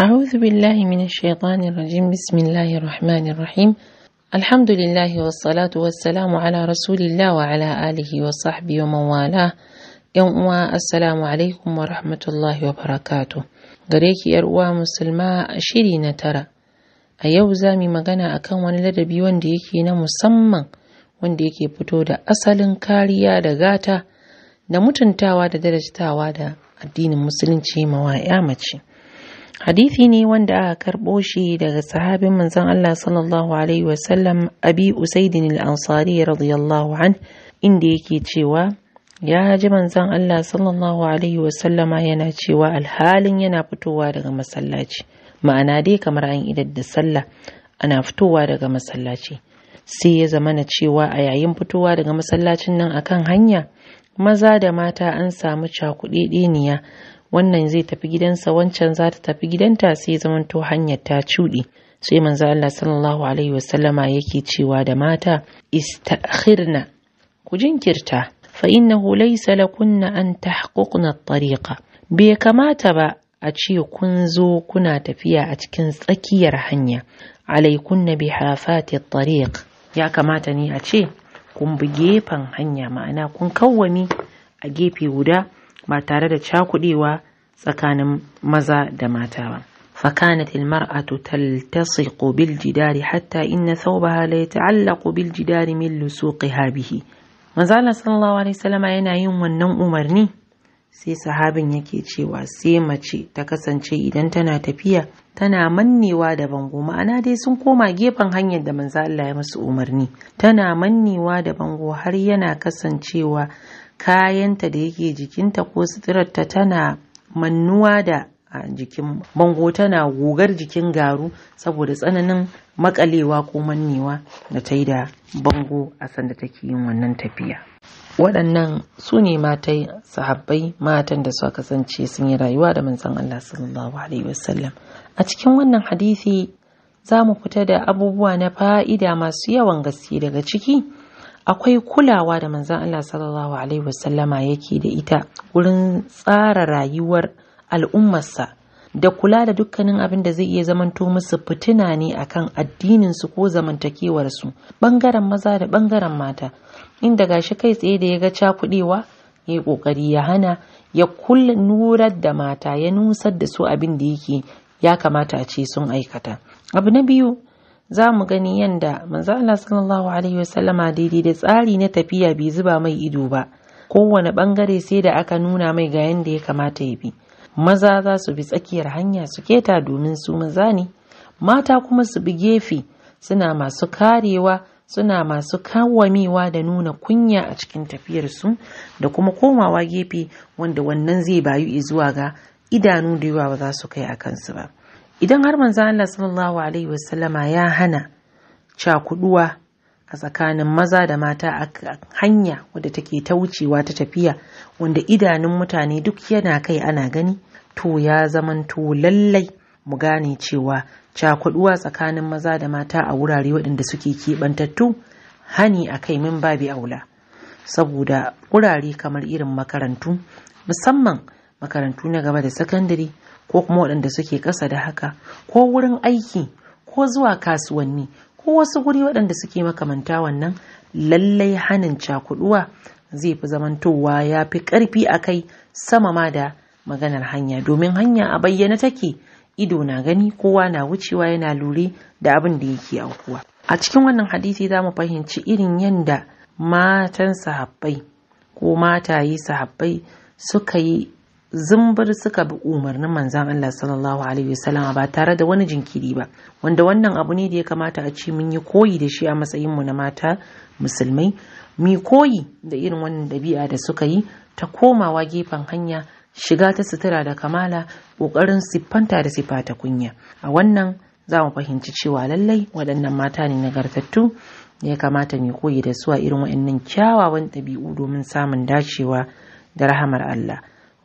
أعوذ بالله من الشيطان الرجيم بسم الله الرحمن الرحيم الحمد لله والصلاة والسلام على رسول الله وعلى آله وصحبه ومن والاه يوم السلام عليكم ورحمة الله وبركاته غريك يروى مسلماء شيري نترى أيو زامي مغانا أكون لدبي وان ديكي نمسمم وان ديكي كاريا دا غاتا دا متن تاوا الدين المسلم شيما وايامتشي Hadithi ne wanda aka karɓo shi daga sahabin manzon Allah sallallahu Alaihi wasallam Abi Usaidin al-Ansari radiyallahu an inda yake cewa ya ji manzon Allah sallallahu Alaihi wasallama yana cewa alhalin yana fitowa daga masallaci ma'ana dai kamar an idar da sallah ana fitowa daga masallaci sai ya zamana cewa a yayin fitowa daga masallacin nan akan hanya maza da mata an samu cakuɗeɗeniya wannan zai tafi gidansa wancan za ta tafi gidanta sai zaman to hanyar ta cuɗe sai manzo Allah sallallahu alaihi wasallama yake cewa da mata istakhirna ku jinkirta fa innahu laysa lakunna an tahquqna at-tariqa bai kamata ba a ce kun zo kuna tafiya a cikin tsakiyar hanya alaikunna bi hafati tariq ya kamata ne a ce kun bi gefen hanya ma'ana kun kawwami a gefe guda ba tare da cakuɗewa tsakanin maza da mata ba. فكانت المرأة تلتصق بالجدار حتى إن ثوبها لا يتعلق بالجدار من لسوقها به manzala sallallahu alaihi wasallama yana yin wannan umarni sai sahabin yake cewa sai mace ta kasance idan tana tafiya tana mannewa da bango ma'ana dai sun koma gefen hanyar da manzo Allah ya masu umarni tana mannewa da bango har yana kasancewa kayanta da yake jikinta ko suturarta tana mannuwa da a jikin bango tana gogar jikin garu saboda tsananin makalewa ko mannewa da ta yi da bango a sanda take yin wannan tafiya waɗannan su ne matai sahabbai matan da suka kasance sun yi rayuwa da manzon Allah sallallahu alaihi wasallam a cikin wannan hadisi za mu fita da abubuwa na fa'ida masu yawan gaske daga ciki akwai kulawa da manzan Allah sallallahu alaihi wasallama yake da ita wurin tsara rayuwar al'ummarsa da kula da dukkanin abin da zai iya zamanto musu fitina ne akan addininsu ko zamantakewarsu bangaren maza da ɓangaren mata inda gashi kai tsaye da ya ga cakudewa ya yi kokari ya hana ya kulla nurar da mata ya nusar da su abin da yake ya kamata a ce sun aikata abu na biyu za mu gani yanda manzo Allah sallallahu alaihi wasallama daidai da tsari na tafiya bai zuba mai ido ba kowane bangare sai da aka nuna mai ga yanda ya kamata ya bi maza za su bi tsakiyar hanya su keta domin su maza ne mata kuma su bi gefe suna masu karewa suna masu kawamewa da nuna kunya a cikin tafiyar su da kuma komawa gefe wanda wannan zai bayu zuwa ga idanu da yawa ba za su kai a kansu ba idan har manzo Allah sallallahu alaihi wasallama ya hana cakuduwa a tsakanin maza da mata a hanya wadda take ta wucewa ta tafiya wanda idanun mutane duk yana kai ana gani to ya zamanto lallai mu gane cewa cakuduwa tsakanin maza da mata a wurare waɗanda suke keɓantattu hani a kai min babi aula saboda wurare kamar irin makarantu musamman makarantu na gaba da sakandare ko kuma waɗanda suke ƙasa da haka ko wurin aiki ko zuwa kasuwanni ko wasu guri waɗanda suke makamanta wannan lallai hanin cakuɗuwa zai fi zamantowa ya fi ƙarfi a kai sama ma da maganar hanya domin hanya a bayyana take ido na gani kowa na wucewa yana lure da abin da yake aukuwa a cikin wannan hadisi za mu fahimci irin yadda matan sahabbai ko mataye sahabbai suka yi zumbir suka bi umarnin manzan Allah sallallahu alaihi wasallam ba tare da wani jinkiri ba wanda wannan abu ne da ya kamata a ce mun yi koyi da shi a matsayin mu na mata musulmai mu koyi da irin wannan dabi'a da suka yi ta komawa gefen hanya shiga ta sutura da kamala kokarin siffanta da sifata kunya a wannan za mu fahimci cewa lallai waɗannan mata ne nagartattu da ya kamata mu koyi da su a irin waɗannan kyawawan ɗabi'u domin samun dacewa da rahamar Allah